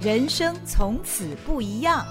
人生從此不一樣。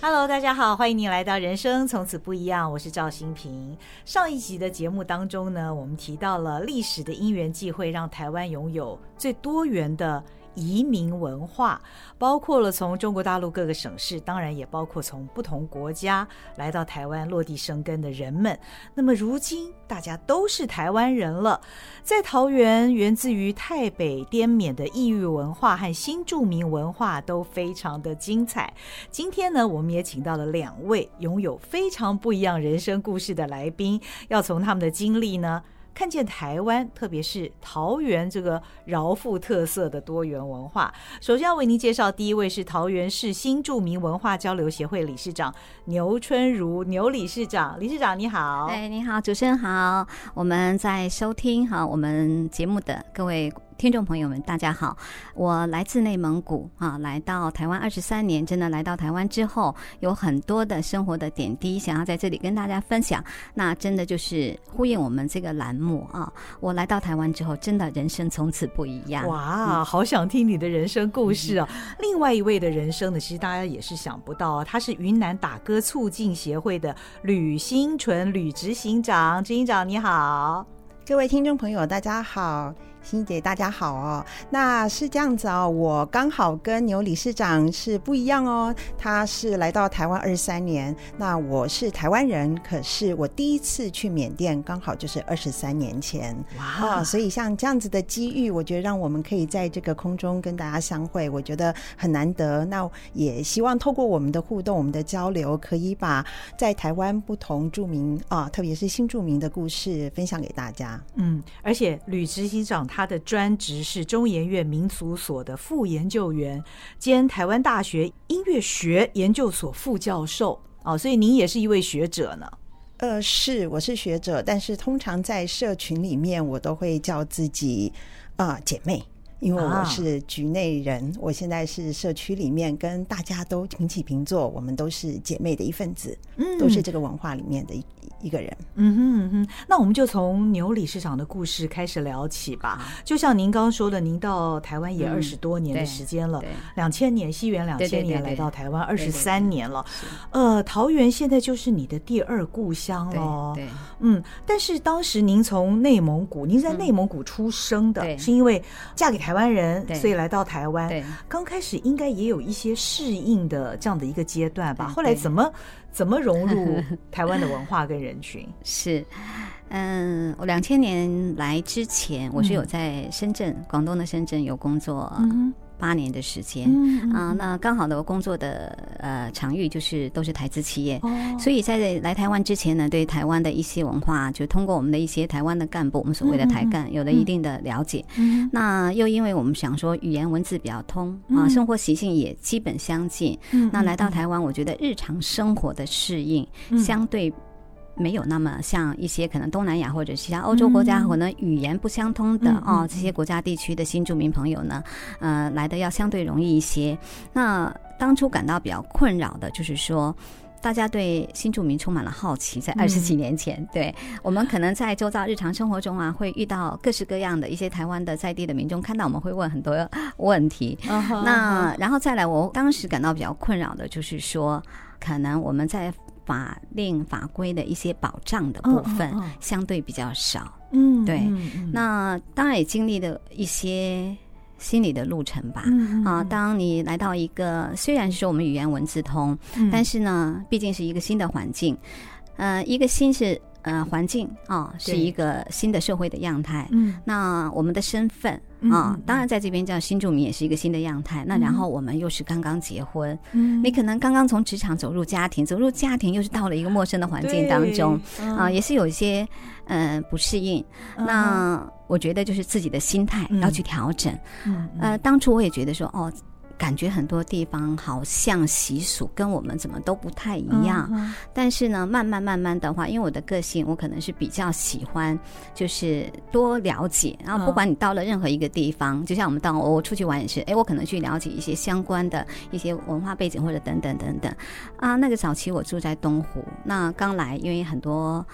Hello，大家好，歡迎您來到《人生從此不一樣》，我是趙心屏。上一集的節目當中呢，我們提到了歷史的因緣際會，讓台灣擁有最多元的。移民文化，包括了從中國大陸各個省市，當然也包括從不同國家來到台灣落地生根的人們。那麼如今大家都是台灣人了，在桃園，源自於泰北、滇緬的異域文化和新住民文化都非常的精彩。今天呢，我們也請到了兩位擁有非常不一樣人生故事的來賓，要從他們的經歷呢。看見台灣，特別是桃園這個饒富特色的多元文化。首先要為您介紹第一位是桃園市新住民文化交流協會理事長牛春茹，牛理事長，理事長你好。哎，你好，主持人好。我們在收聽哈我們節目的各位，聽眾朋友們，大家好！我來自內蒙古啊，來到台灣二十三年，真的來到台灣之後，有很多的生活的點滴想要在這裡跟大家分享。那真的就是呼應我們這個欄目啊！我來到台灣之後，真的人生從此不一樣哇！嗯、好想聽你的人生故事啊！嗯、另外一位的人生呢，其實大家也是想不到啊，他是雲南打歌促進協會的呂心純呂執行長，執行長你好，各位聽眾朋友大家好。心屏姐，大家好哦。那是這樣子哦，我剛好跟牛理事長是不一樣哦。他是來到台灣二十三年，那我是台灣人，可是我第一次去緬甸，剛好就是二十三年前。哇！所以像這樣子的機遇，我覺得讓我們可以在這個空中跟大家相會，我覺得很難得。那也希望透過我們的互動、我們的交流，可以把在台灣不同住民啊，特別是新住民的故事分享給大家。嗯，而且呂執行長。他的專職是中研院民族所的副研究員，兼台灣大學音樂學研究所副教授。哦，所以您也是一位學者呢？呃，是，我是學者，但是通常在社群裡面，我都會叫自己啊、呃、姐妹。因為我是局內人，啊、我現在是社區裡面跟大家都平起平坐，我們都是姐妹的一份子，嗯，都是這個文化裡面的一一個人。嗯哼嗯哼，那我們就從牛理事長的故事開始聊起吧。就像您剛說的，您到台灣也二十多年的時間了，兩千、嗯、年西元兩千年來到台灣二十三年了，對對對呃，桃園現在就是你的第二故鄉了，對，對，嗯，但是當時您從內蒙古，您在內蒙古出生的，嗯嗯、對是因為嫁給台。台灣人，對所以來到台灣，剛對開始應該也有一些適應的這樣的一個階段吧。對後來怎麼怎麼融入台灣的文化跟人群？是，嗯，我兩千年來之前我是有在深圳，廣、嗯、東的深圳有工作。嗯八年的時間啊、嗯嗯、呃，那剛好呢，我工作的呃場域，就是都是台資企業，哦、所以在來台灣之前呢，對台灣的一些文化，就通過我們的一些台灣的幹部，我們所謂的台幹，嗯、有了一定的了解。嗯嗯、那又因為我們想說，語言文字比較通、嗯、啊，生活習性也基本相近，嗯、那來到台灣，我覺得日常生活的適應相對。沒有那麼像一些可能東南亞或者其他歐洲國家可能語言不相通的哦，這些國家地區的新住民朋友呢，呃，來的要相對容易一些。那當初感到比較困擾的就是說，大家對新住民充滿了好奇，在二十幾年前，嗯、對我們可能在周遭日常生活中啊，會遇到各式各樣的一些台灣的在地的民眾，看到我們會問很多問題。那然後再來，我當時感到比較困擾的就是說，可能我們在。法令法規的一些保障的部分相對比較少，嗯，對，那當然也經歷了一些心理的路程吧，嗯、啊，當你來到一個雖然是說我們語言文字通，嗯、但是呢，畢竟是一個新的環境，呃，一個新是。呃，環境啊、哦，是一個新的社會的樣態。嗯對，那我們的身份啊、嗯哦，當然在這邊叫新住民，也是一個新的樣態。嗯、那然後我們又是剛剛結婚，嗯，你可能剛剛從職場走入家庭，走入家庭又是到了一個陌生的環境當中，啊、嗯呃，也是有一些嗯、呃、不適應。嗯、那我覺得就是自己的心態要去調整。嗯嗯、呃，當初我也覺得說，哦。感覺很多地方好像習俗跟我們怎麼都不太一樣，嗯嗯、但是呢，慢慢慢慢的話，因為我的個性，我可能是比較喜歡，就是多了解。嗯、然後，不管你到了任何一個地方，就像我們到我出去玩也是，誒，我可能去了解一些相關的、一些文化背景或者等等等等。啊，那個早期我住在東湖，那剛來，因為很多。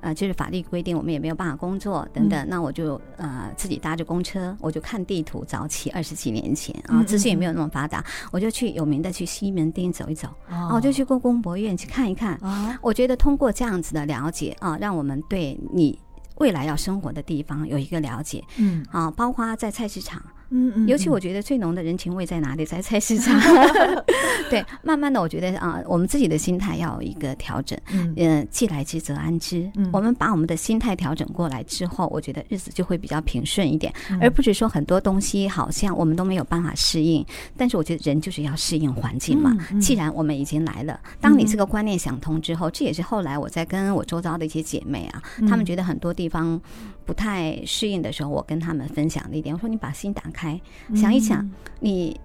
呃，就是法律規定，我們也沒有辦法工作等等，那我就呃自己搭着公車，我就看地圖，早期二十幾年前啊，資訊也沒有那麼發達，我就去有名的去西門町走一走，啊，我就去故宮博物院去看一看，啊，我覺得通過這樣子的了解啊，讓我們對你未來要生活的地方有一個了解，嗯，啊，包括在菜市場。嗯，尤其我覺得最濃的人情味在哪裡？在菜市場。 對，慢慢的，我覺得啊，我們自己的心態要有一個調整。嗯，既來之則安之。嗯、我們把我們的心態調整過來之後，我覺得日子就會比較平順一點，嗯、而不是說很多東西好像我們都沒有辦法適應。但是我覺得人就是要適應環境嘛。嗯嗯、既然我們已經來了，當你這個觀念想通之後，嗯、這也是後來我在跟我周遭的一些姐妹啊，嗯、她們覺得很多地方。不太適應的時候，我跟他們分享了一點，我說你把心打開，想一想，你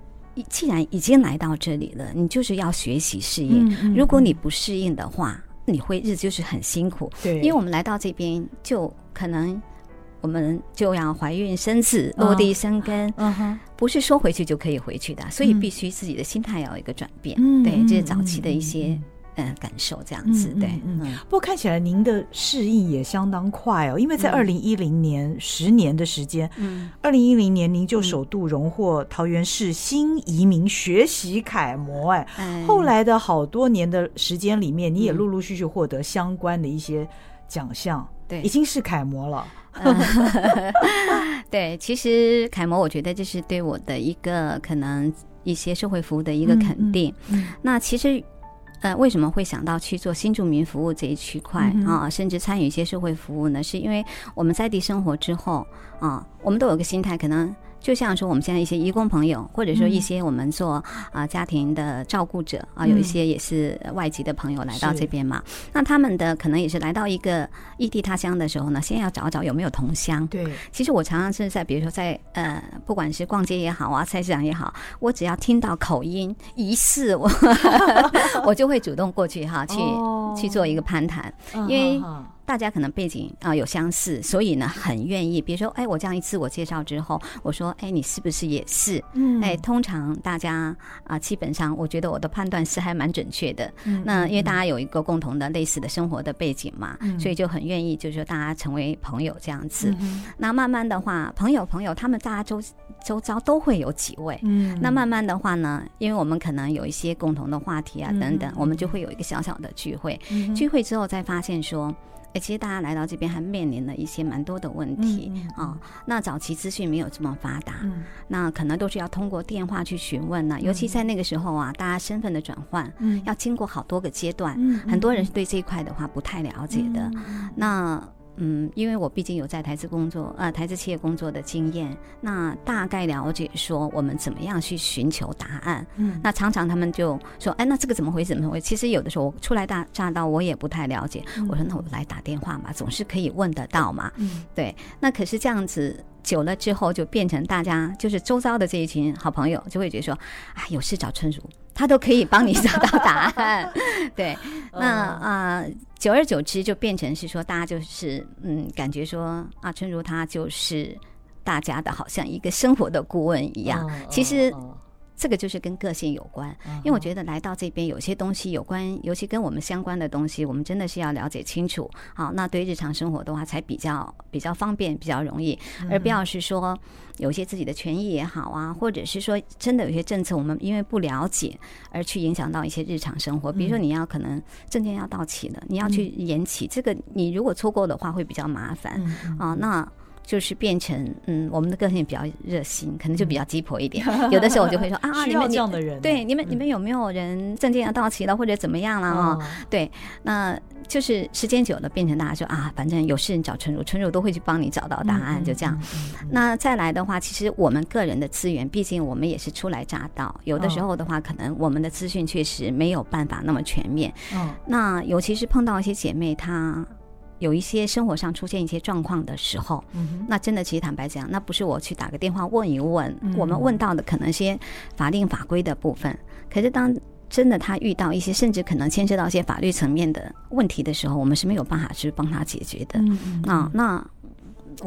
既然已經來到這裡了，你就是要學習適應。如果你不適應的話，你會日子就是很辛苦。對，因為我們來到這邊，就可能我們就要懷孕生子，落地生根，嗯哼，不是說回去就可以回去的，所以必須自己的心態要有一個轉變。對，這是早期的一些。嗯，感受這樣子對，嗯，不過看起來您的適應也相當快哦，因為在二零一零年十年的時間，嗯，二零一零年您就首度榮獲桃園市新移民學習楷模，哎，後來的好多年的時間裡面，你也陸陸續續獲得相關的一些獎項，對，已經是楷模了。對，其實楷模，我覺得這是對我的一個可能一些社會服務的一個肯定。嗯，那其實。呃，為什麼會想到去做新住民服務這一區塊、嗯、哼啊？甚至參與一些社會服務呢？是因為我們在地生活之後啊，我們都有個心態，可能。就像說我們現在一些移工朋友，或者說一些我們做啊家庭的照顧者啊，有一些也是外籍的朋友來到這邊嘛，那他們的可能也是來到一個異地他鄉的時候呢，先要找找有沒有同鄉。對，其實我常常是在比如說在呃，不管是逛街也好啊，菜市場也好，我只要聽到口音疑似，我 我就會主動過去哈，去去做一個攀談，因為。大家可能背景啊、呃、有相似，所以呢很願意。比如說，哎，我這樣一自我介紹之後，我說，哎，你是不是也是？嗯，哎，通常大家啊、呃，基本上我覺得我的判斷是還蠻準確的。嗯，那因為大家有一個共同的類似的生活的背景嘛，嗯、所以就很願意，就是說大家成為朋友這樣子。嗯、那慢慢的話，朋友朋友，他們大家周周遭都會有幾位。嗯，那慢慢的話呢，因為我們可能有一些共同的話題啊、嗯、等等，我們就會有一個小小的聚會。嗯、聚會之後再發現說。哎，其實大家來到這邊還面臨了一些蠻多的問題啊、嗯哦。那早期資訊沒有這麼發達，嗯、那可能都是要通過電話去詢問呢。嗯、尤其在那個時候啊，大家身份的轉換，嗯、要經過好多個階段，嗯嗯、很多人是對這一塊的話不太了解的，嗯、那。嗯，因為我畢竟有在台資工作，呃，台資企業工作的經驗，那大概了解說我們怎麼樣去尋求答案。嗯，那常常他們就說，哎，那這個怎麼回事？怎麼回事？其實有的時候我初來大乍到，我也不太了解。嗯、我說那我來打電話嘛，總是可以問得到嘛。嗯，對，那可是這樣子久了之後，就變成大家就是周遭的這一群好朋友就會覺得說，啊、哎，有事找春如。他都可以幫你找到答案， 對，那啊、嗯呃，久而久之就變成是說，大家就是嗯，感覺說啊，春茹她就是大家的好像一個生活的顧問一樣，嗯、其實。嗯嗯嗯這個就是跟個性有關，因為我覺得來到這邊有些東西有關，尤其跟我們相關的東西，我們真的是要了解清楚。好，那對日常生活的話，才比較比較方便，比較容易，而不要是說有些自己的權益也好啊，或者是說真的有些政策，我們因為不了解而去影響到一些日常生活。比如說你要可能證件要到期的，你要去延期，這個你如果錯過的話，會比較麻煩啊。那。就是變成，嗯，我們的個性比較熱心，可能就比較雞婆一點。嗯、有的時候我就會說 啊，你們，這樣的人，嗯、對你們，你們有沒有人證件要到期了，嗯、或者怎麼樣了啊，哦？對，那就是時間久了，變成大家說啊，反正有事你找春茹，春茹都會去幫你找到答案，嗯、就這樣。嗯嗯嗯、那再來的話，其實我們個人的資源，畢竟我們也是初來乍到，有的時候的話，嗯、可能我們的資訊確實沒有辦法那麼全面。嗯、那尤其是碰到一些姐妹，她。有一些生活上出現一些狀況的時候，嗯、哼那真的其實坦白講，那不是我去打個電話問一問，我們問到的可能一些法令法規的部分。嗯、哼可是當真的他遇到一些甚至可能牽涉到一些法律層面的問題的時候，我們是沒有辦法去幫他解決的。嗯哼 uh, 那那。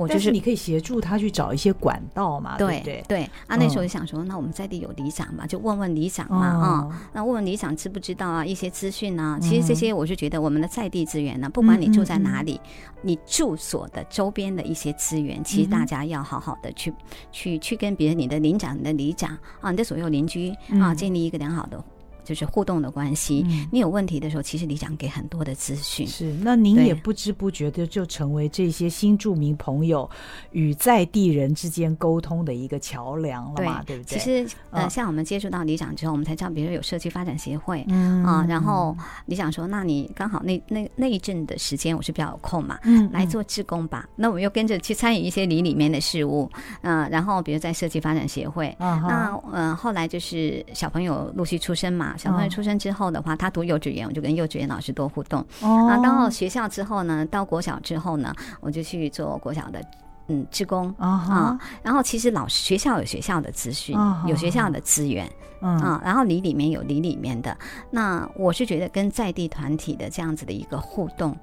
就是你可以協助他去找一些管道嘛，對不對？對啊，那時候就想說，那我們在地有里長嘛，就問問里長嘛啊，那問問里長知不知道啊一些資訊啊。其實這些，我是覺得我們的在地資源呢，不管你住在哪裡，你住所的周邊的一些資源，其實大家要好好的去去去跟別人，你的鄰長、你的里長啊，你的所有鄰居啊，建立一個良好的。就是互動的關係。嗯、你有問題的時候，其實里長給很多的資訊。是，那您也不知不覺的就成為這些新住民朋友與在地人之間溝通的一個橋樑了嘛？對，對不對？其實，呃，像我們接觸到里長之後，嗯、我們才知道，比如說有社區發展協會，嗯、呃、啊，然後里長說，嗯、那你剛好那那那一陣的時間，我是比較有空嘛，嗯，來做志工吧。嗯、那我們又跟着去參與一些里裡面的事物，嗯、呃，然後比如在社區發展協會，嗯那嗯、呃，後來就是小朋友陸續出生嘛。小朋友出生之後的話，他讀幼稚園，我就跟幼稚園老師多互動。Oh. 啊，到學校之後呢，到國小之後呢，我就去做國小的嗯職工，oh. 啊。然後其實老師學校有學校的資訊，oh. 有學校的資源，oh. 啊。然後裡裡面有裡裡面的。那我是覺得跟在地團體的這樣子的一個互動，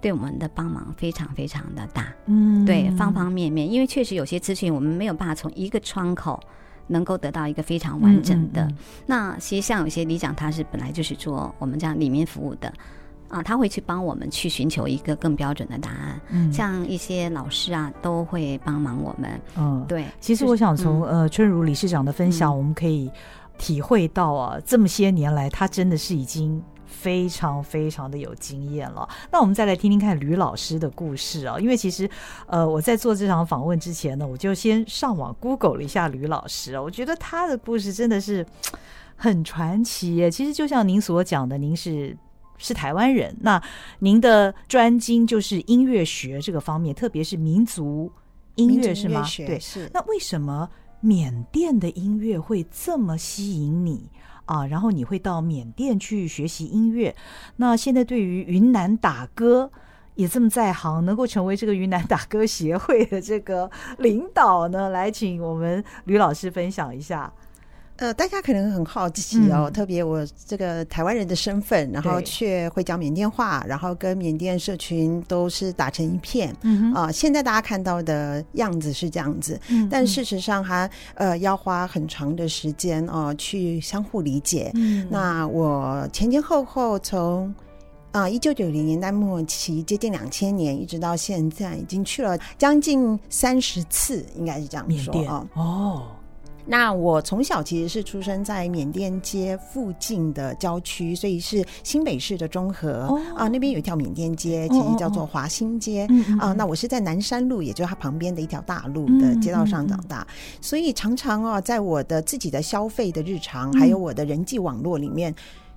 對我們的幫忙非常非常的大。嗯，mm.，對方方面面，因為確實有些資訊我們沒有辦法從一個窗口。能夠得到一個非常完整的。嗯嗯嗯、那其實像有些理事長，他是本來就是做我們這樣裡面服務的，啊，他會去幫我們去尋求一個更標準的答案。嗯、像一些老師啊，都會幫忙我們。嗯，對。其實我想從、嗯、呃春茹理事長的分享，嗯、我們可以體會到啊，這麼些年來，他真的是已經。非常非常的有經驗了。那我們再來聽聽看呂老師的故事啊，因為其實，呃，我在做這場訪問之前呢，我就先上網 Google 了一下呂老師，我覺得他的故事真的是很傳奇欸，其實就像您所講的，您是是台灣人，那您的專精就是音樂學這個方面，特別是民族音樂是嗎？學對，是。那為什麼緬甸的音樂會這麼吸引你？啊，然後你會到緬甸去學習音樂，那現在對於雲南打歌也這麼在行，能夠成為這個雲南打歌協會的這個領導呢？來，請我們呂老師分享一下。呃，大家可能很好奇哦，嗯、特別我這個台灣人的身份，然後卻會講緬甸話，對然後跟緬甸社群都是打成一片。嗯啊哼、呃，現在大家看到的樣子是這樣子，嗯、哼但事實上還，還、呃、要花很長的時間、呃、去相互理解。嗯，那我前前後後從一九九零年代末期接近兩千年，一直到現在，已經去了將近三十次，應該是這樣說。緬甸哦。那我從小其實是出生在緬甸街附近的郊區，所以是新北市的中和、哦、啊，那邊有一條緬甸街，哦、其實叫做華新街啊。那我是在南山路，也就是它旁邊的一條大路的街道上長大，嗯嗯嗯，所以常常啊，在我的自己的消費的日常，還有我的人際網絡裡面，嗯、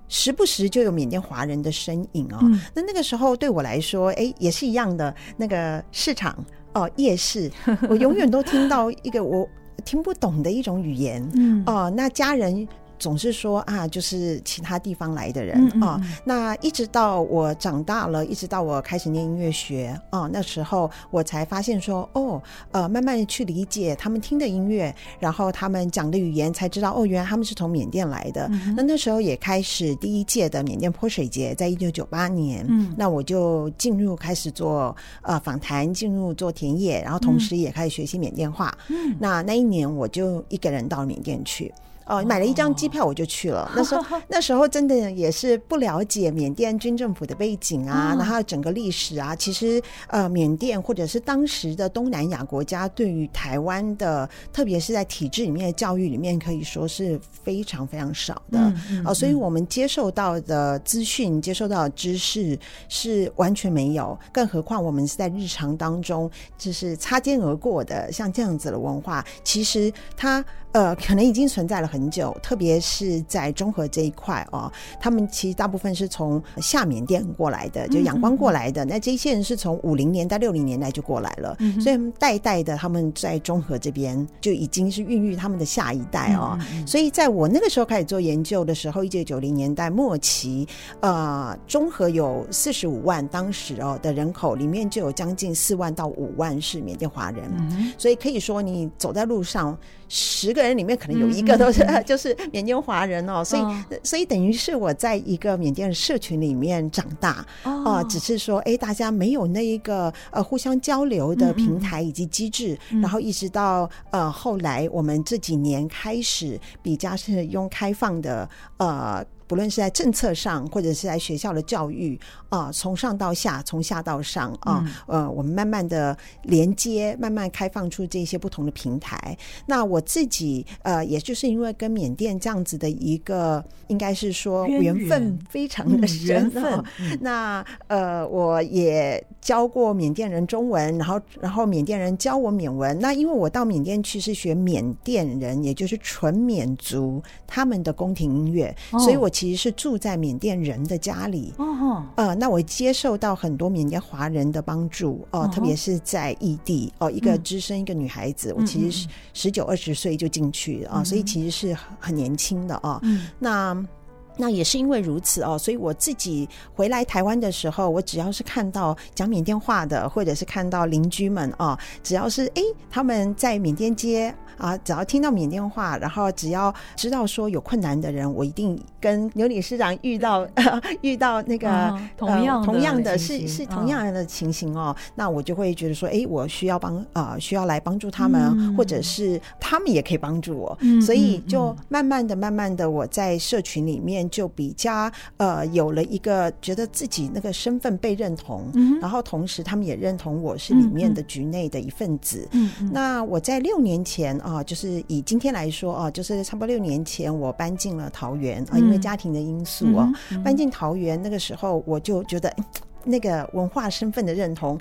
時不時就有緬甸華人的身影啊。嗯、那那個時候對我來說，哎、欸，也是一樣的那個市場哦、呃，夜市，我永遠都聽到一個我。 聽不懂的一種語言，嗯，哦，那家人。總是說啊，就是其他地方來的人嗯嗯嗯啊。那一直到我長大了，一直到我開始念音樂學，啊、那時候我才發現說，哦，呃，慢慢去理解他們聽的音樂，然後他們講的語言，才知道哦，原來他們是從緬甸來的。那、嗯、哼那時候也開始第一屆的緬甸潑水節，在一九九八年。嗯，那我就進入開始做呃訪談，進入做田野，然後同時也開始學習緬甸話。嗯，那那一年我就一個人到緬甸去。哦，買了一張機票我就去了。哦、那時候、哦、那時候真的也是不了解緬甸軍政府的背景啊，哦、然後整個歷史啊。其實呃，緬甸或者是當時的東南亞國家，對於台灣的，特別是在體制裡面的教育裡面，可以說是非常非常少的。哦、嗯嗯呃，所以我們接受到的資訊、接受到的知識是完全沒有，更何況我們是在日常當中就是擦肩而過的，像這樣子的文化，其實它。呃，可能已經存在了很久，特別是在中和這一塊哦。他們其實大部分是從下緬甸過來的，就仰光過來的。嗯嗯嗯那這些人是從五零年代、六零年代就過來了，嗯嗯所以代代的他們在中和這邊就已經是孕育他們的下一代哦。嗯嗯嗯所以在我那個時候開始做研究的時候，一九九零年代末期，呃，中和有四十五萬當時哦的人口裡面，就有將近四萬到五萬是緬甸華人。嗯嗯所以可以說，你走在路上。十個人裡面可能有一個都是就是緬甸華人哦，所以所以等於是我在一個緬甸社群裡面長大哦、呃，只是說哎，大家沒有那一個呃互相交流的平台以及機制，然後一直到呃後來我們這幾年開始比較是用開放的呃。無論是在政策上，或者是在學校的教育啊、呃，從上到下，從下到上啊，嗯、呃，我們慢慢的連接，慢慢開放出這些不同的平台。那我自己呃，也就是因為跟緬甸這樣子的一個，應該是說緣分非常的深厚、嗯嗯哦。那呃，我也教過緬甸人中文，然後然後緬甸人教我緬文。那因為我到緬甸去是學緬甸人，也就是純緬族他們的宮廷音樂，哦、所以我其實。其實是住在緬甸人的家裡哦吼、呃，那我接受到很多緬甸華人的幫助、呃、哦吼，特別是在異地哦、呃，一個隻身一個女孩子，嗯、我其實十九二十歲就進去啊，呃嗯、所以其實是很年輕的啊，呃嗯、那。那也是因為如此哦，所以我自己回來台灣的時候，我只要是看到講緬甸話的，或者是看到鄰居們哦，只要是哎、欸、他們在緬甸街啊、呃，只要聽到緬甸話，然後只要知道說有困難的人，我一定跟牛理事長遇到遇到那個、哦、同樣的，呃、同樣的,同樣的是是同樣的情形哦，哦那我就會覺得說，哎、欸，我需要幫啊、呃，需要來幫助他們，嗯、或者是他們也可以幫助我，嗯、所以就慢慢的、慢慢的，我在社群裡面。就比較呃有了一個覺得自己那個身份，被認同，嗯、哼然後同時他們也認同我是裡面的局內的一份子。嗯、哼那我在六年前啊、呃，就是以今天來說啊、呃，就是差不多六年前我搬進了桃園啊，嗯、哼因為家庭的因素啊，嗯、哼搬進桃園那個時候我就覺得、嗯、哼那個文化身份的認同。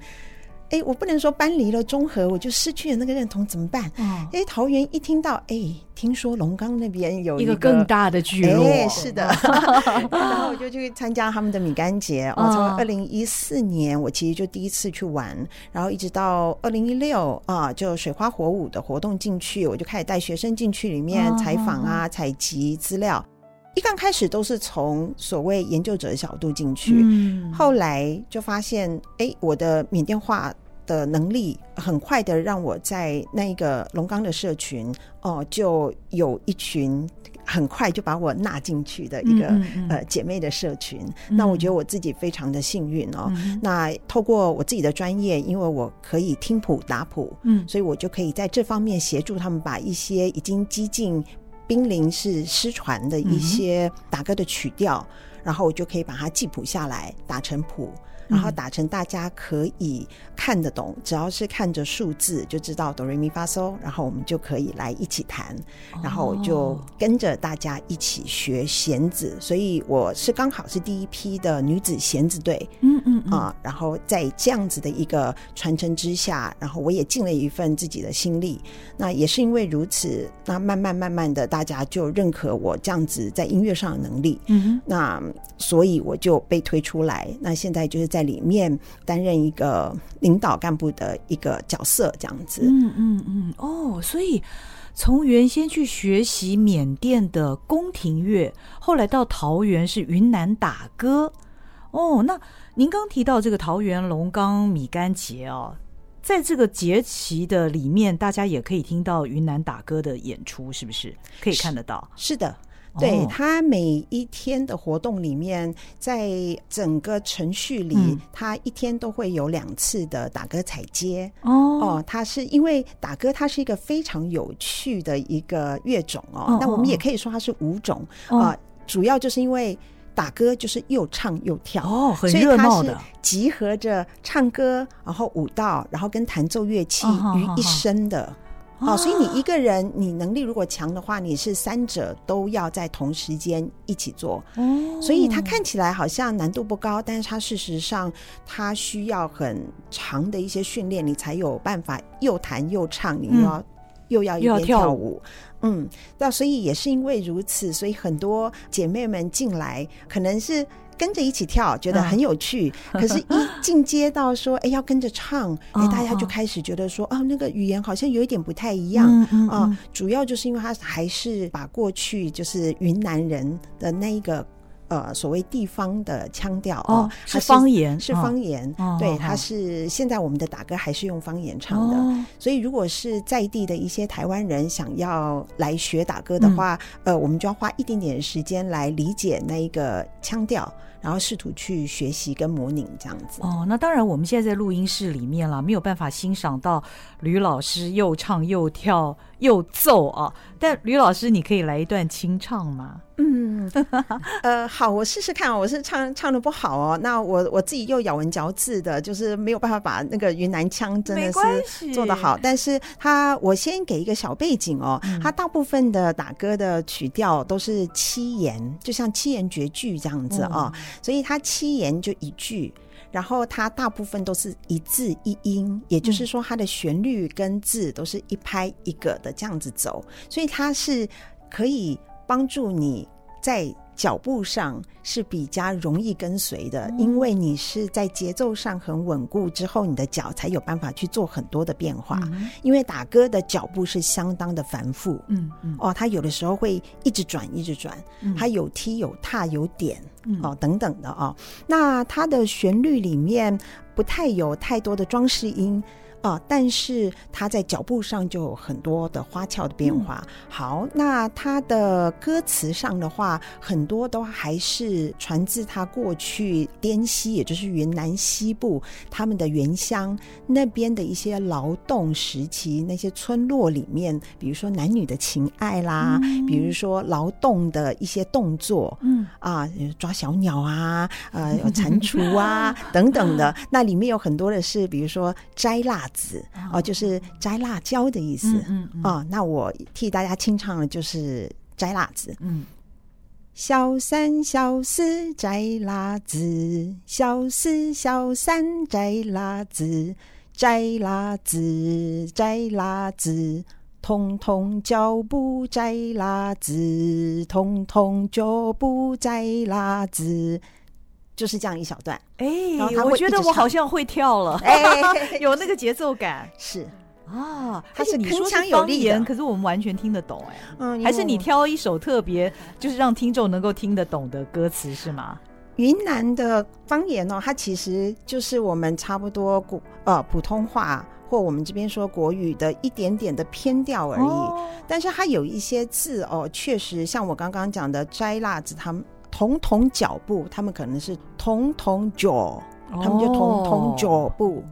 哎，我不能說搬離了中和，我就失去了那個認同，怎麼辦？哎、哦，桃園一聽到，哎，聽說龍崗那邊有一個，一個更大的聚落，哎，是的，哦、 然後我就去參加他們的米干節。哦，哦從二零一四年，我其實就第一次去玩，然後一直到二零一六啊，就水花火舞的活動進去，我就開始帶學生進去裡面採訪啊，哦、採集資料。一剛開始都是從所謂研究者的角度進去，嗯、後來就發現，哎，我的緬甸話。的能力很快的讓我在那個龍崗的社群哦，就有一群很快就把我納進去的一個嗯嗯呃姐妹的社群。嗯、那我覺得我自己非常的幸運哦。嗯、那透過我自己的專業，因為我可以聽譜打譜，嗯，所以我就可以在這方面協助他們把一些已經幾近瀕臨是失傳的一些打歌的曲調，嗯嗯然後我就可以把它記譜下來，打成譜。然後打成大家可以看得懂，只要是看着數字就知道哆瑞咪發嗦，然後我們就可以來一起彈，然後我就跟着大家一起學弦子，oh. 所以我是剛好是第一批的女子弦子隊，嗯嗯、mm hmm. 啊，然後在這樣子的一個傳承之下，然後我也盡了一份自己的心力。那也是因為如此，那慢慢慢慢的大家就認可我這樣子在音樂上的能力，嗯、mm hmm. 那所以我就被推出來，那現在就是在。裡面擔任一個領導幹部的一個角色，這樣子。嗯嗯嗯，哦，所以從原先去學習緬甸的宮廷樂，後來到桃園是雲南打歌。哦，那您剛提到這個桃園龍崗米干節哦，在這個節期的裡面，大家也可以聽到雲南打歌的演出，是不是？可以看得到。是,是的。對，他每一天的活動裡面，在整個程序裡，嗯、他一天都會有兩次的打歌踩街。哦、哦。他是因為打歌，它是一個非常有趣的一個樂種哦。哦，那我們也可以說它是舞種啊，主要就是因為打歌就是又唱又跳哦，很熱鬧的，所以它是集合着唱歌，然後舞蹈，然後跟彈奏樂器於一身的。哦哦，所以你一個人，你能力如果強的話，你是三者都要在同時間一起做。哦，所以他看起來好像難度不高，但是他事實上他需要很長的一些訓練，你才有辦法又彈又唱，你又要、嗯、又要一邊跳舞。跳。嗯，那所以也是因為如此，所以很多姐妹們進來可能是。跟着一起跳，覺得很有趣。嗯、可是，一進階到說，哎、 欸，要跟着唱，哎、欸，大家就開始覺得說，哦，哦，那個語言好像有一點不太一樣啊、嗯嗯嗯嗯。主要就是因為他還是把過去就是雲南人的那一個。呃，所謂地方的腔調哦，是方言，是方言。對，哦、它是、哦、現在我們的打歌還是用方言唱的，哦、所以如果是在地的一些台灣人想要來學打歌的話，嗯、呃，我們就要花一點點時間來理解那一個腔調，然後試圖去學習跟模擬這樣子。哦，那當然，我們現在在錄音室裡面了，沒有辦法欣賞到呂老師又唱又跳。又揍啊，哦！但呂老師，你可以來一段清唱嗎？嗯， 呃，好，我試試看，哦。我是唱唱的不好哦，那我我自己又咬文嚼字的，就是沒有辦法把那個雲南腔真的是做的好。但是他，他我先給一個小背景哦，嗯、他大部分的打歌的曲調都是七言，就像七言絕句這樣子哦，嗯、所以他七言就一句。然後它大部分都是一字一音，也就是說它的旋律跟字都是一拍一個的這樣子走，所以它是可以幫助你在。腳步上是比較容易跟隨的，嗯、因為你是在節奏上很穩固之後，你的腳才有辦法去做很多的變化。嗯、因為打歌的腳步是相當的繁複，嗯、嗯哦，它有的時候會一直轉一直轉，嗯、它有踢有踏有、踏有點、嗯、哦等等的哦。那它的旋律裡面不太有太多的裝飾音。啊，但是他在腳步上就有很多的花俏的變化。嗯、好，那他的歌詞上的話，很多都還是傳自他過去滇西，也就是雲南西部他們的原鄉那邊的一些勞動時期，那些村落裡面，比如說男女的情愛啦，嗯、比如說勞動的一些動作，嗯，啊，抓小鳥啊，呃，有蟾蜍啊 等等的。那裡面有很多的是，比如說摘辣。子哦，就是摘辣椒的意思。嗯哦，那我替大家清唱了，就是摘辣子。嗯。小三小四摘辣子，小四小三摘辣子，摘辣子摘辣子，通通腳步摘辣子，通通腳步摘辣子。就是這樣一小段，哎、欸，我覺得我好像會跳了，欸、 有那個節奏感，是，是啊，它是鏗鏘有力的，可是我們完全聽得懂，哎，嗯，還是你挑一首特別，就是讓聽眾能夠聽得懂的歌詞是嗎？雲南的方言哦，它其實就是我們差不多國呃普通話或我們這邊說國語的一點點的偏調而已，哦、但是它有一些字哦，確實像我剛剛講的摘辣子他們。它同同腳步，他們可能是同同腳，他們就同同腳步。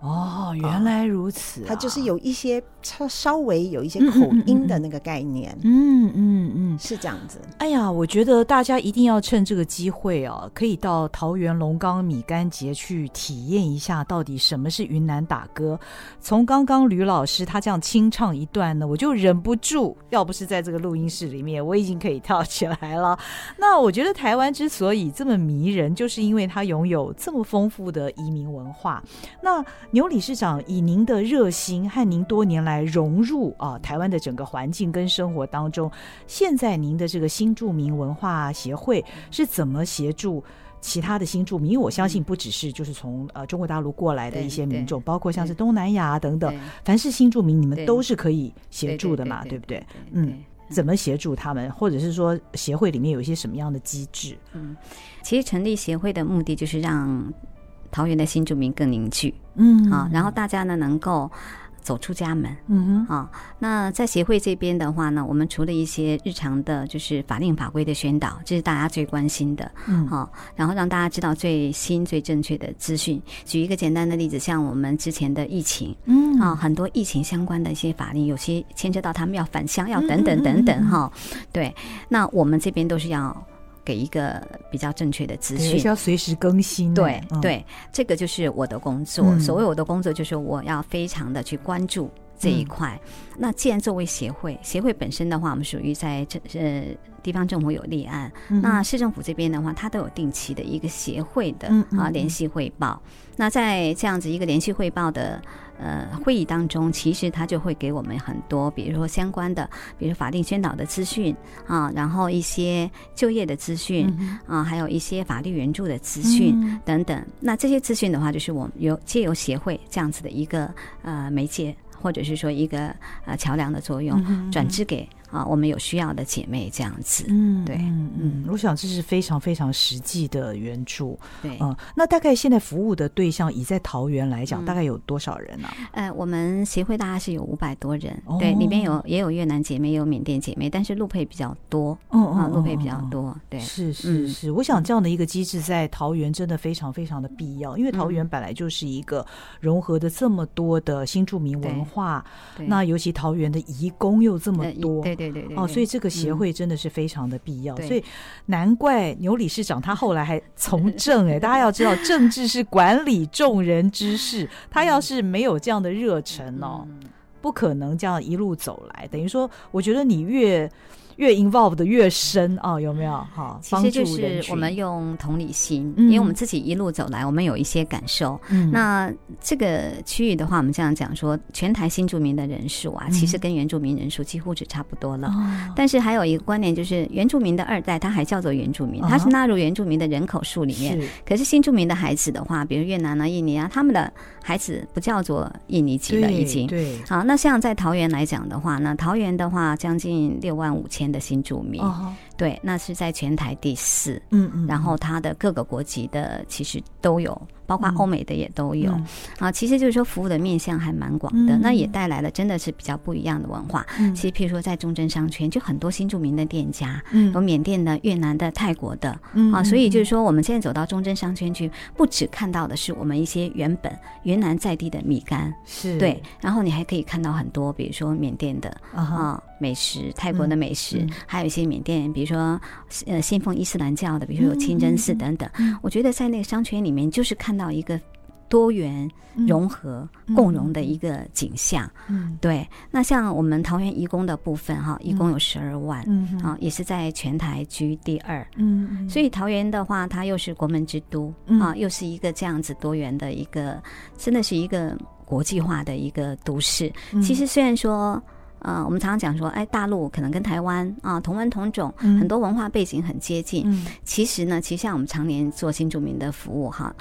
Oh, 哦，原來如此啊，他就是有一些稍稍微有一些口音的那個概念。嗯嗯嗯嗯。嗯嗯嗯。是這樣子。哎呀，我覺得大家一定要趁這個機會哦、啊，可以到桃園龍崗米干節去體驗一下到底什麼是雲南打歌。從剛剛呂老師他這樣清唱一段呢，我就忍不住，要不是在這個錄音室裡面，我已經可以跳起來了。那我覺得台灣之所以這麼迷人，就是因為它擁有這麼豐富的移民文化。那牛理事長以您的熱心和您多年來融入啊台灣的整個環境跟生活當中，現在。在您的這個新住民文化協會是怎麼協助其他的新住民？因為我相信不只是就是從呃，中國大陸過來的一些民眾，包括像是東南亞等等，凡是新住民，你們都是可以協助的嘛，對不對？嗯，怎麼協助他們，或者是說協會裡面有一些什麼樣的機制？嗯，其實成立協會的目的就是讓桃園的新住民更凝聚，嗯，好，然後大家呢能夠。走出家門，嗯哼，啊、哦，那在協會這邊的話呢，我們除了一些日常的，就是法令法規的宣導，這、就是大家最關心的，嗯，好、哦，然後讓大家知道最新最正確的資訊。舉一個簡單的例子，像我們之前的疫情，嗯，啊，很多疫情相關的一些法令，有些牽扯到他們要返鄉，要等等等等，哈、嗯嗯嗯嗯哦，對，那我們這邊都是要。給一個比較正確的資訊，需要隨時更新。對對，對哦，這個就是我的工作。嗯，所謂我的工作，就是我要非常的去關注。這一塊，那既然作為協會，協會本身的話，我們屬於在政呃地方政府有立案，嗯、那市政府這邊的話，它都有定期的一個協會的啊聯繫匯報。嗯嗯嗯、那在這樣子一個聯繫匯報的呃會議當中，其實它就會給我們很多，比如說相關的，比如說法定宣導的資訊啊，然後一些就業的資訊啊，還有一些法律援助的資訊、嗯、等等。那這些資訊的話，就是我們由借由協會這樣子的一個呃媒介。或者是說一個呃橋樑的作用，嗯、哼轉支給。啊，我們有需要的姐妹這樣子，嗯，對，嗯我想這是非常非常實際的援助，對嗯，那大概現在服務的對象，以在桃園來講，大概有多少人呢、啊嗯？呃，我們協會大概是有五百多人，哦、對，裡面有也有越南姐妹，也有緬甸姐妹，但是陸配比較多，嗯嗯、哦，陸、啊、配比較多，哦、對，是是是。嗯、我想這樣的一個機制在桃園真的非常非常的必要，因為桃園本來就是一個融合的這麼多的新住民文化，對對那尤其桃園的移工又這麼多，對、呃、對。對對對對對對哦，所以這個協會真的是非常的必要，嗯、所以難怪牛理事長他後來還從政，欸，誒， 大家要知道，政治是管理眾人之事， 他要是沒有這樣的熱忱哦，嗯、不可能這樣一路走來，等於說，我覺得你越。越 involve 的越深哦，有沒有好？其實就是我們用同理心，嗯、因為我們自己一路走來，我們有一些感受。嗯、那這個區域的話，我們這樣講說，全台新住民的人數啊，嗯、其實跟原住民人數幾乎是差不多了。哦、但是還有一個觀念就是，原住民的二代他還叫做原住民，哦、他是納入原住民的人口數裡面。是可是新住民的孩子的話，比如越南啊、印尼啊，他們的孩子不叫做印尼籍的，已經對。對好，那像在桃園來講的話，那桃園的話，將近六萬五千。的新住民，oh, 對，那是在全台第四，嗯嗯，嗯然後他的各個國籍的其實都有，包括歐美的也都有，嗯、啊，其實就是說服務的面向還蠻廣的，嗯、那也帶來了真的是比較不一樣的文化。嗯、其實，譬如說在忠貞商圈，就很多新住民的店家，嗯、有緬甸的、越南的、泰國的，嗯、啊，所以就是說我們現在走到忠貞商圈去，不止看到的是我們一些原本雲南在地的米干，是對，然後你還可以看到很多，比如說緬甸的，oh, 啊。美食，泰國的美食，嗯嗯、還有一些緬甸，比如說呃信奉伊斯蘭教的，比如說有清真寺等等。嗯嗯嗯嗯、我覺得在那個商圈裡面，就是看到一個多元融合、共融的一個景象。嗯，嗯對。那像我們桃園移工的部分哈，一、啊、共有十二萬、嗯嗯、啊，也是在全台居第二。嗯，嗯嗯所以桃園的話，它又是國門之都啊，又是一個這樣子多元的一個，嗯、真的是一個國際化的一個都市。嗯、其實雖然說。呃，我們常常講說，哎，大陸可能跟台灣啊同文同種，嗯、很多文化背景很接近。嗯、其實呢，其實像我們常年做新住民的服務哈，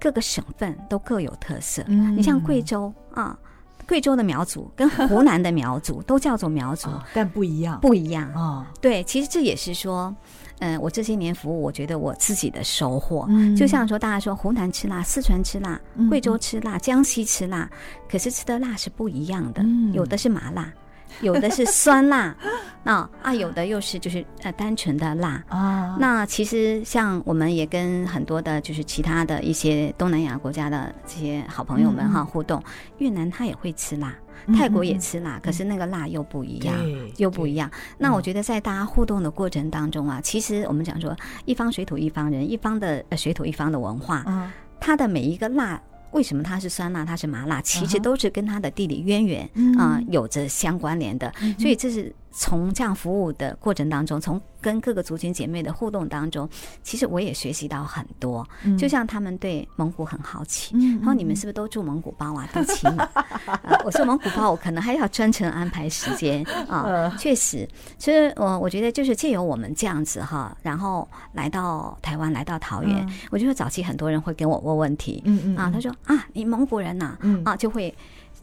各個省份都各有特色。嗯、你像貴州啊，貴州的苗族跟湖南的苗族都叫做苗族，哦、但不一樣，不一樣啊。哦、對，其實這也是說。嗯、呃，我這些年服務，我覺得我自己的收穫，嗯、就像說大家說湖南吃辣、四川吃辣、貴州吃辣、江西吃辣，可是吃的辣是不一樣的，嗯、有的是麻辣，有的是酸辣，那 啊，啊有的又是就是呃單純的辣。哦、那其實像我們也跟很多的就是其他的一些東南亞國家的這些好朋友們哈、嗯、互動，越南他也會吃辣。泰國也吃辣，可是那個辣又不一樣，嗯、又不一樣。那我覺得在大家互動的過程當中啊，嗯、其實我們講說一方水土一方人，一方的水土一方的文化，嗯、它的每一個辣為什麼它是酸辣，它是麻辣，其實都是跟它的地理淵源啊、嗯呃、有着相關聯的，嗯、所以這是。從這樣服務的過程當中，從跟各個族群姐妹的互動當中，其實我也學習到很多。就像他們對蒙古很好奇，嗯，然後你們是不是都住蒙古包啊？嗯、都騎馬、 啊，我說蒙古包，我可能還要專程安排時間啊。呃、確實，其實我我覺得就是借由我們這樣子哈，然後來到台灣，來到桃園，嗯、我就說早期很多人會跟我問問題，嗯嗯，嗯啊，他說啊，你蒙古人吶，啊，啊，就會。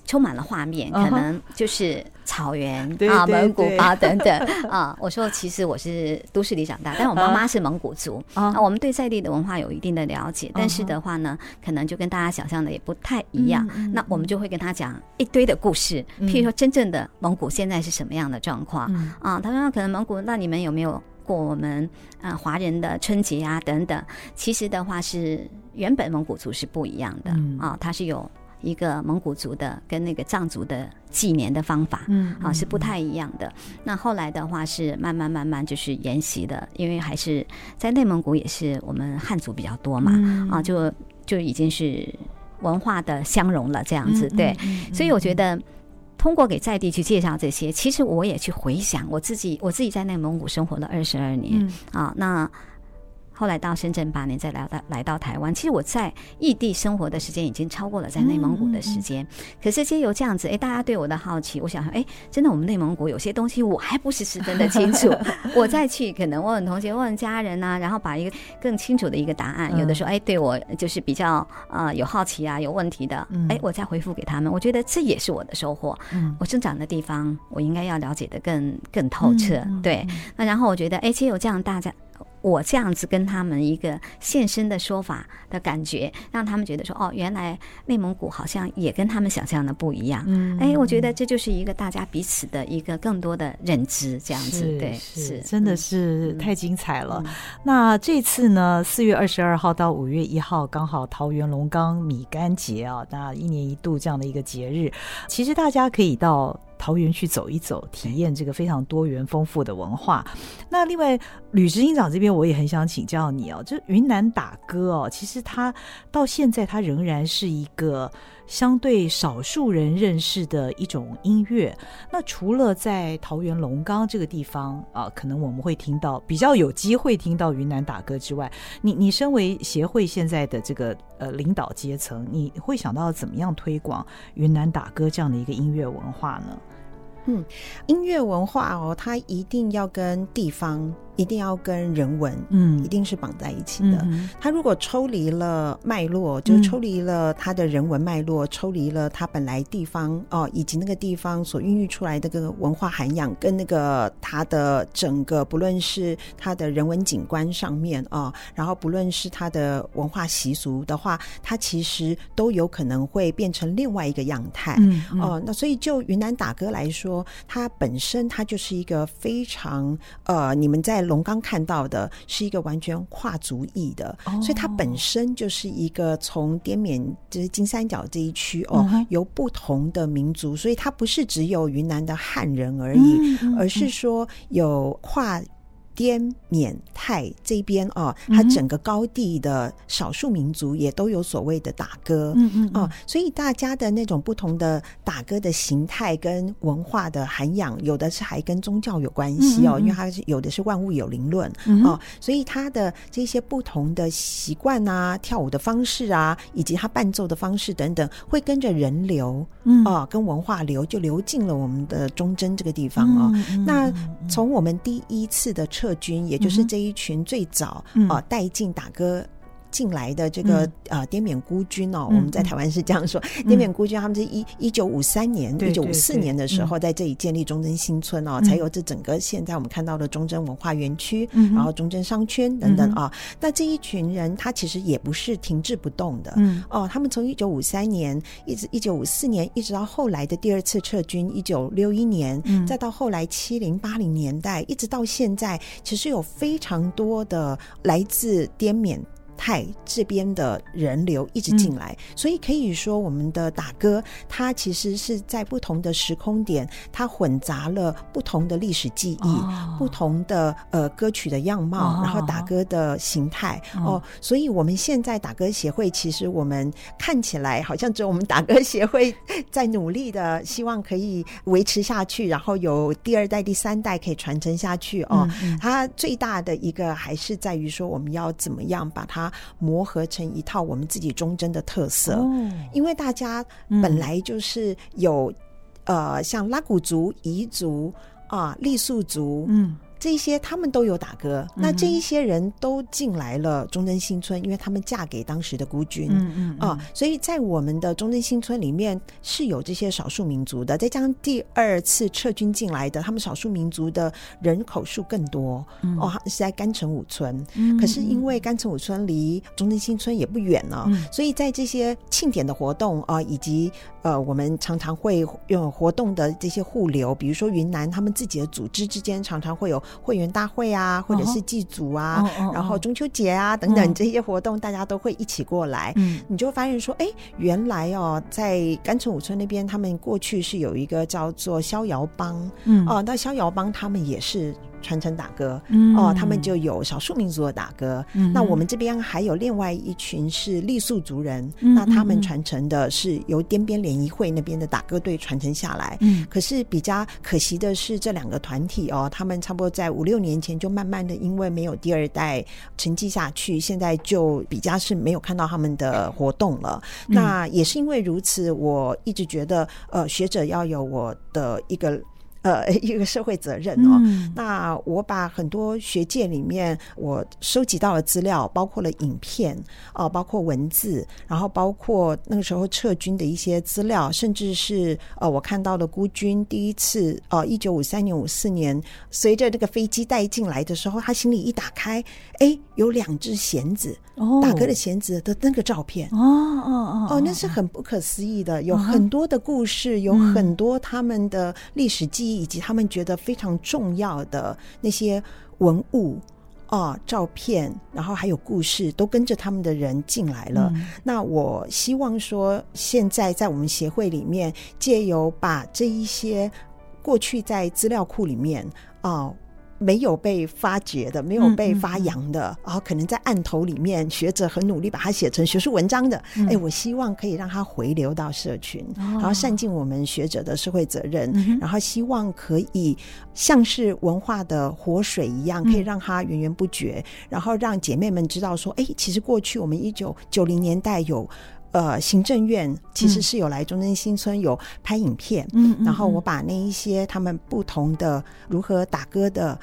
充滿了畫面，可能就是草原、uh huh. 啊、蒙古對對對啊等等啊。我說，其實我是都市裡長大， 但我媽媽是蒙古族，uh huh. 啊，我們對在地的文化有一定的了解，但是的話呢，可能就跟大家想象的也不太一樣。Uh huh. 那我們就會跟他講一堆的故事，mm hmm. 譬如說真正的蒙古現在是什麼樣的狀況、mm hmm. 啊？他說，可能蒙古，那你們有沒有過我們啊、呃、華人的春節啊等等？其實的話是，原本蒙古族是不一樣的、mm hmm. 啊，它是有。一個蒙古族的跟那個藏族的紀年的方法，嗯，嗯啊是不太一樣的。那後來的話是慢慢慢慢就是沿襲的，因為還是在內蒙古也是我們漢族比較多嘛，嗯、啊就就已經是文化的相融了這樣子，嗯、對。嗯嗯、所以我覺得通過給在地去介紹這些，其實我也去回想我自己，我自己在內蒙古生活了二十二年、嗯、啊，那。後來到深圳八年，再來到來到台灣。其實我在異地生活的時間已經超過了在內蒙古的時間。嗯嗯嗯可是，借由這樣子，哎，大家對我的好奇，我想說，哎，真的，我們內蒙古有些東西我還不是十分的清楚。 我再去可能問問同學、問家人啊，然後把一個更清楚的一個答案。嗯、有的時候，哎，對我就是比較啊、呃、有好奇啊有問題的，嗯嗯哎，我再回復給他們。我覺得這也是我的收穫。嗯、我生長的地方，我應該要了解得更更透徹。嗯嗯嗯對，那然後我覺得，哎，借由這樣，大家。我這樣子跟他們一個現身的說法的感覺，讓他們覺得說哦，原來內蒙古好像也跟他們想象的不一樣。嗯、哎，我覺得這就是一個大家彼此的一個更多的認知，這樣子對是，是對是真的是太精彩了。嗯、那這次呢，四月二十二號到五月一號，剛好桃園龍岡米干節啊，那一年一度這樣的一個節日，其實大家可以到。桃園去走一走，體驗這個非常多元豐富的文化。那另外，呂執行長這邊我也很想請教你哦，就雲南打歌哦，其實他到現在他仍然是一個。相對少數人認識的一種音樂，那除了在桃園龍崗這個地方啊、呃，可能我們會聽到比較有機會聽到雲南打歌之外，你你身為協會現在的這個呃領導階層，你會想到怎麼樣推廣雲南打歌這樣的一個音樂文化呢？嗯，音樂文化哦，它一定要跟地方。一定要跟人文，嗯，一定是綁在一起的。嗯、他如果抽離了脈絡，嗯、就抽離了他的人文脈絡，嗯、抽離了他本來地方哦、呃，以及那個地方所孕育出來的個文化涵養，跟那個他的整個不論是他的人文景觀上面哦、呃，然後不論是他的文化習俗的話，他其實都有可能會變成另外一個樣態。嗯，嗯，哦、呃，那所以就雲南打歌來說，它本身它就是一個非常呃，你們在。龍岡看到的是一個完全跨族裔的，oh. 所以它本身就是一個從滇緬，就是金三角這一區哦，mm hmm. 由不同的民族，所以它不是只有雲南的漢人而已，mm hmm. 而是說有跨。滇緬泰這邊啊，它整個高地的少數民族，也都有所謂的打歌，嗯嗯哦、嗯啊，所以大家的那種不同的打歌的形態跟文化的涵養，有的是還跟宗教有關係哦，嗯嗯嗯，因為它是有的是萬物有靈論哦，所以它的這些不同的習慣啊、跳舞的方式啊，以及它伴奏的方式等等，會跟着人流哦、嗯啊，跟文化流就流進了我們的忠貞這個地方哦。嗯嗯嗯，那從我們第一次的車。特軍，也就是這一群最早啊，帶進打歌。嗯嗯進來的這個呃滇緬孤軍哦，嗯、我們在台灣是這樣說，滇緬、嗯、孤軍他們是一一九五三年、一九五四年的時候在這裡建立忠貞新村哦，嗯、才有這整個現在我們看到的忠貞文化園區，嗯、然後忠貞商圈等等啊。那、嗯、這一群人，他其實也不是停滯不動的、嗯、哦，他們從一九五三年一直一九五四年，一直到後來的第二次撤軍一九六一年，嗯、再到後來七零八零年代，一直到現在，其實有非常多的來自滇緬。泰這邊的人流一直進來，嗯、所以可以說我們的打歌它其實是在不同的時空點，它混雜了不同的歷史記憶、哦、不同的呃歌曲的樣貌，哦、然後打歌的形態哦，哦，哦。所以我們現在打歌協會，其實我們看起來好像只有我們打歌協會在努力的，希望可以維持下去，然後有第二代、第三代可以傳承下去哦。嗯嗯，它最大的一個還是在於說，我們要怎麼樣把它。磨合成一套我們自己忠貞的特色，哦、因為大家本來就是有，嗯、呃，像拉祜族、彝族啊、傈僳族，嗯這些他們都有打歌，那這一些人都進來了忠貞新村，因為他們嫁給當時的孤軍啊、嗯嗯嗯哦，所以在我們的忠貞新村裡面是有這些少數民族的。再加上第二次撤軍進來的，他們少數民族的人口數更多、嗯、哦，是在干城五村。嗯、可是因為干城五村離忠貞新村也不遠了，嗯、所以在這些慶典的活動啊、呃，以及呃，我們常常會有活動的這些互流，比如說雲南他們自己的組織之間常常會有。會員大會啊，或者是祭祖啊，哦哦哦哦，然後中秋節啊等等這些活動，大家都會一起過來。嗯，你就發現說，哎，原來哦，在干城五村那邊，他們過去是有一個叫做逍遙幫。嗯，哦，那逍遙幫他們也是。傳承打歌哦、嗯呃，他們就有少數民族的打歌。嗯、那我們這邊還有另外一群是傈僳族人，嗯、那他們傳承的是由滇邊聯誼會那邊的打歌隊傳承下來。嗯，可是比較可惜的是，這兩個團體哦，他們差不多在五六年前就慢慢的因為沒有第二代沉寂下去，現在就比較是沒有看到他們的活動了。嗯、那也是因為如此，我一直覺得呃，學者要有我的一個呃，一個社會責任哦。嗯、那我把很多學界裡面我收集到的資料，包括了影片哦、呃，包括文字，然後包括那個時候撤軍的一些資料，甚至是呃，我看到了孤軍第一次呃一九五三年、五四年，隨着這個飛機帶進來的時候，他行李一打開，哎，有兩隻弦子，哦、打歌的弦子的那個照片哦哦哦哦，哦，那是很不可思議的。有很多的故事，啊、有很多他們的歷史記憶。以及他們覺得非常重要的那些文物啊、照片，然後還有故事，都跟着他們的人進來了。嗯、那我希望說，現在在我們協會裡面，借由把這一些過去在資料庫裡面哦。啊沒有被發掘的，沒有被發揚的、嗯嗯、然後可能在案頭裡面，學者很努力把它寫成學術文章的。嗯、哎，我希望可以讓它回流到社群，嗯、然後善盡我們學者的社會責任，哦、然後希望可以像是文化的活水一樣，嗯、可以讓它源源不絕，嗯、然後讓姐妹們知道說，哎，其實過去我們一九九零年代有。呃，行政院其實是有來中正新村、嗯、有拍影片，嗯，然後我把那一些他們不同的如何打歌的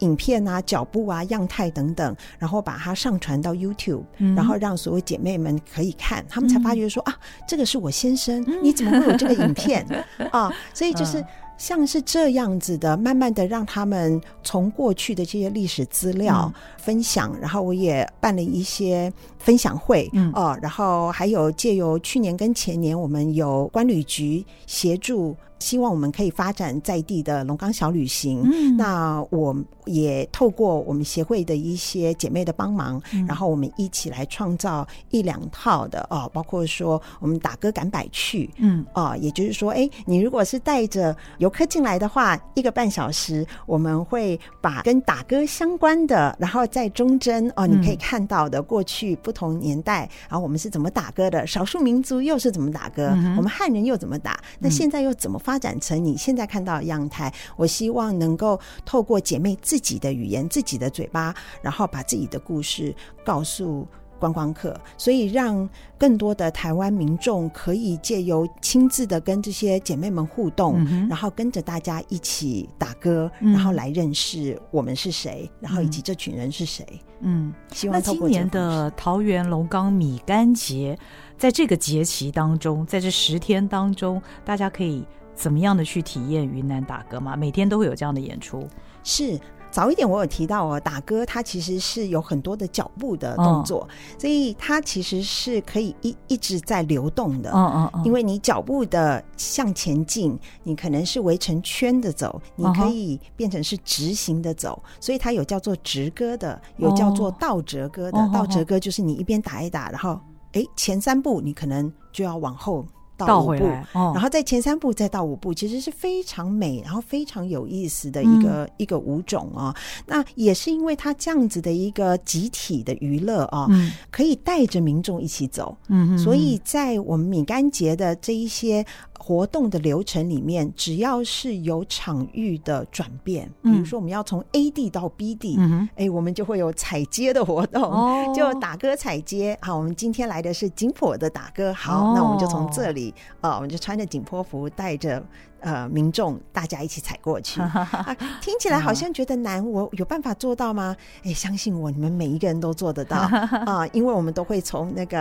影片啊、嗯、腳步啊、樣態等等，然後把它上傳到 YouTube、嗯、然後讓所有姐妹們可以看，他們才發覺說、嗯、啊，這個是我先生，嗯、你怎麼會有這個影片 啊？所以就是。啊像是這樣子的，慢慢的讓他們從過去的這些歷史資料分享，嗯、然後我也辦了一些分享會，嗯、哦，然後還有借由去年跟前年，我們有觀旅局協助。希望我們可以發展在地的龍崗小旅行。嗯、那我也透過我們協會的一些姐妹的幫忙，嗯、然後我們一起來創造一兩套的哦，包括說我們打歌趕擺去，嗯，哦，也就是說，哎，你如果是帶着遊客進來的話，一個半小時我們會把跟打歌相關的，然後在忠貞哦，你可以看到的過去不同年代啊，嗯、然後我們是怎麼打歌的，少數民族又是怎麼打歌，嗯、我們漢人又怎麼打，嗯、那現在又怎麼？發展成你現在看到的樣態，我希望能夠透過姐妹自己的語言、自己的嘴巴，然後把自己的故事告訴觀光客，所以讓更多的台灣民眾可以借由親自的跟這些姐妹們互動，嗯、哼然後跟着大家一起打歌，嗯、哼然後來認識我們是誰，嗯、然後以及這群人是誰。嗯，希望透過這、嗯、那今年的桃園龍岡米干節，在這個節期當中，在這十天當中，大家可以。怎麼樣的去體驗雲南打歌嗎？每天都會有這樣的演出，是早一點我有提到哦，打歌它其實是有很多的腳步的動作，嗯、所以它其實是可以一一直在流動的。嗯嗯嗯，因為你腳步的向前進，你可能是圍成圈的走，你可以變成是直行的走，哦、哈所以它有叫做直歌的，有叫做倒折歌的。哦、倒折歌就是你一邊打一打，然後誒前三步你可能就要往後，到五步，哦、然後在前三步再到五步，其實是非常美，然後非常有意思的一個、嗯、一個舞種啊。那也是因為它這樣子的一個集體的娛樂啊，嗯、可以帶着民眾一起走，嗯、哼哼所以在我們米干節的這一些。活動的流程裡面，只要是有場域的轉變，嗯、比如說我們要從 A 地到 B 地，哎、嗯哼欸，我們就會有踩街的活動，哦、就打歌踩街。好，我們今天來的是景頗的打歌，好，哦、那我們就從這裡啊、呃，我們就穿着景頗服帶著，帶着呃民眾，大家一起踩過去、 啊。聽起來好像覺得難， 我有辦法做到嗎？哎、欸，相信我，你們每一個人都做得到 啊，因為我們都會從那個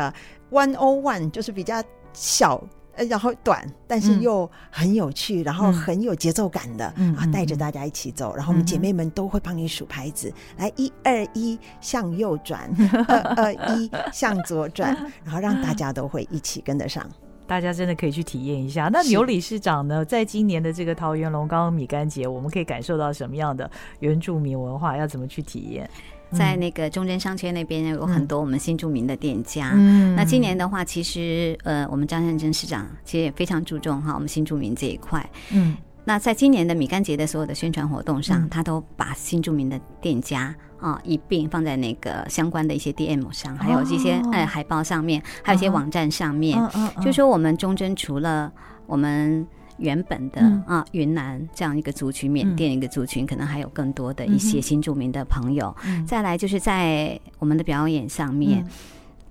one o one，就是比較小。呃、然後短，但是又很有趣，嗯、然後很有節奏感的，嗯、然後帶着大家一起走，然後我們姐妹們都會幫你數拍子，嗯、來一二一，1, 2, 1, 向右轉， 二二一，1, 向左轉，然後讓大家都會一起跟得上。大家真的可以去體驗一下。那牛理事長呢，是在今年的這個桃園龍岡米干節，我們可以感受到什麼樣的原住民文化？要怎麼去體驗？在那個忠貞商圈那邊有很多我們新住民的店家。嗯，那今年的話，其實呃，我們張善政市長其實也非常注重哈，我們新住民這一塊。嗯，那在今年的米干節的所有的宣傳活動上，嗯、他都把新住民的店家啊、哦、一併放在那個相關的一些 DM 上，還有、哎、呦這些、哎、海報上面，還有一些網站上面。哎、呦就是就說我們忠貞除了我們。原本的啊，雲南這樣一個族群，緬甸一個族群，嗯、可能還有更多的一些新住民的朋友。嗯嗯、再來就是在我們的表演上面，嗯、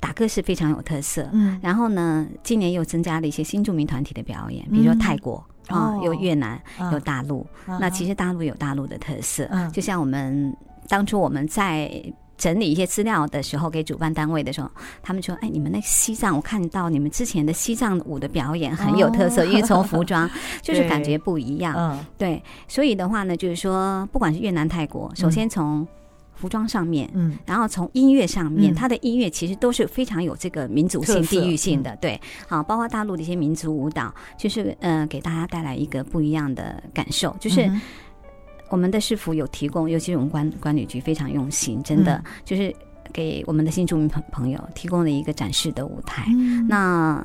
打歌是非常有特色。嗯、然後呢，今年又增加了一些新住民團體的表演，嗯、比如說泰國啊，有、哦、越南，嗯、有大陸。嗯、那其實大陸有大陸的特色，嗯、就像我們當初我們在。整理一些資料的時候，給主辦單位的時候，他們說：“哎，你們那個西藏，我看到你們之前的西藏舞的表演很有特色，因為、oh, 從服裝 對就是感覺不一樣。Uh, 對，所以的話呢，就是說，不管是越南、泰國，首先從服裝上面，嗯，然後從音樂上面，嗯、它的音樂其實都是非常有這個民族性、色地域性的。對，好，包括大陸的一些民族舞蹈，就是嗯、呃，給大家帶來一個不一樣的感受，就是。嗯”我們的市府有提供有種，尤其我們觀旅局非常用心，真的、嗯、就是給我們的新住民朋朋友提供了一個展示的舞台。嗯、那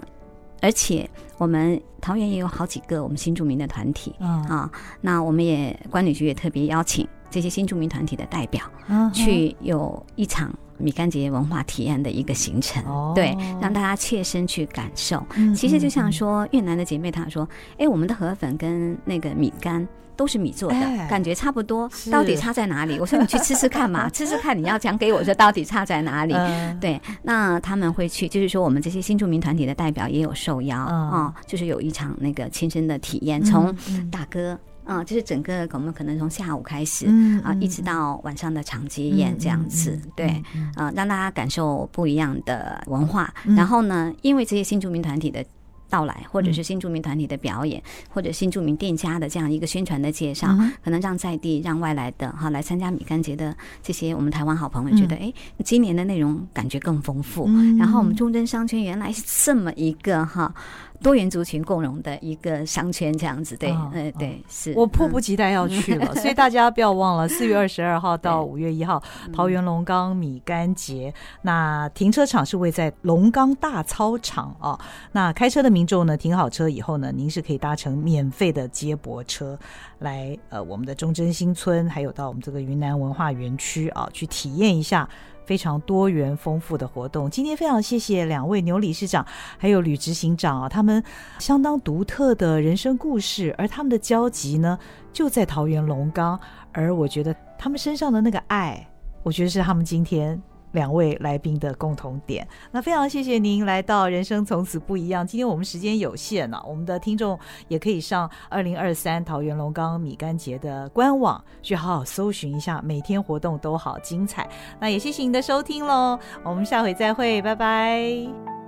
而且我們桃園也有好幾個我們新住民的團體、嗯、啊，那我們也觀旅局也特別邀請這些新住民團體的代表、嗯、去有一場米干節文化體驗的一個行程，哦、對，讓大家切身去感受。嗯、其實就像說、嗯、越南的姐妹她說：“哎，我們的河粉跟那個米干。”都是米做的，哎、感覺差不多，是到底差在哪裡？我說你去吃吃看嘛， 吃吃看，你要講給我，說到底差在哪裡？嗯、對，那他們會去，就是說我們這些新住民團體的代表也有受邀啊、哦嗯，就是有一場那個親身的體驗，從打歌啊，就是整個我們可能從下午開始啊、嗯呃，一直到晚上的長街宴這樣子，嗯嗯嗯、對啊、呃，讓大家感受不一樣的文化。嗯、然後呢，因為這些新住民團體的。到來，或者是新住民團體的表演，或者新住民店家的這樣一個宣傳的介紹，嗯、可能讓在地、讓外來的哈來參加米干節的這些我們台灣好朋友覺得，嗯、哎，今年的內容感覺更豐富。嗯、然後我們忠貞商圈原來是這麼一個哈。多元族群共融的一個商圈，這樣子對，對，啊啊、對是我迫不及待要去了，嗯、所以大家不要忘了，四月二十二號到五月一號， 對桃園龍崗米干節，嗯、那停車場是位在龍崗大操場啊、哦，那開車的民眾呢，停好車以後呢，您是可以搭乘免費的接駁車來，呃，我們的忠貞新村，還有到我們這個雲南文化園區啊、哦，去體驗一下。非常多元豐富的活動。今天非常謝謝兩位牛理事長，還有呂執行長啊，他們相當獨特的人生故事，而他們的交集呢就在桃園龍崗，而我覺得他們身上的那個愛，我覺得是他們今天。兩位來賓的共同點，那非常謝謝您來到人生從此不一樣。今天我們時間有限了，我們的聽眾也可以上2023桃園龍崗米干節的官網去好好搜尋一下，每天活動都好精彩。那也謝謝您的收聽嘍，我們下回再會，拜拜。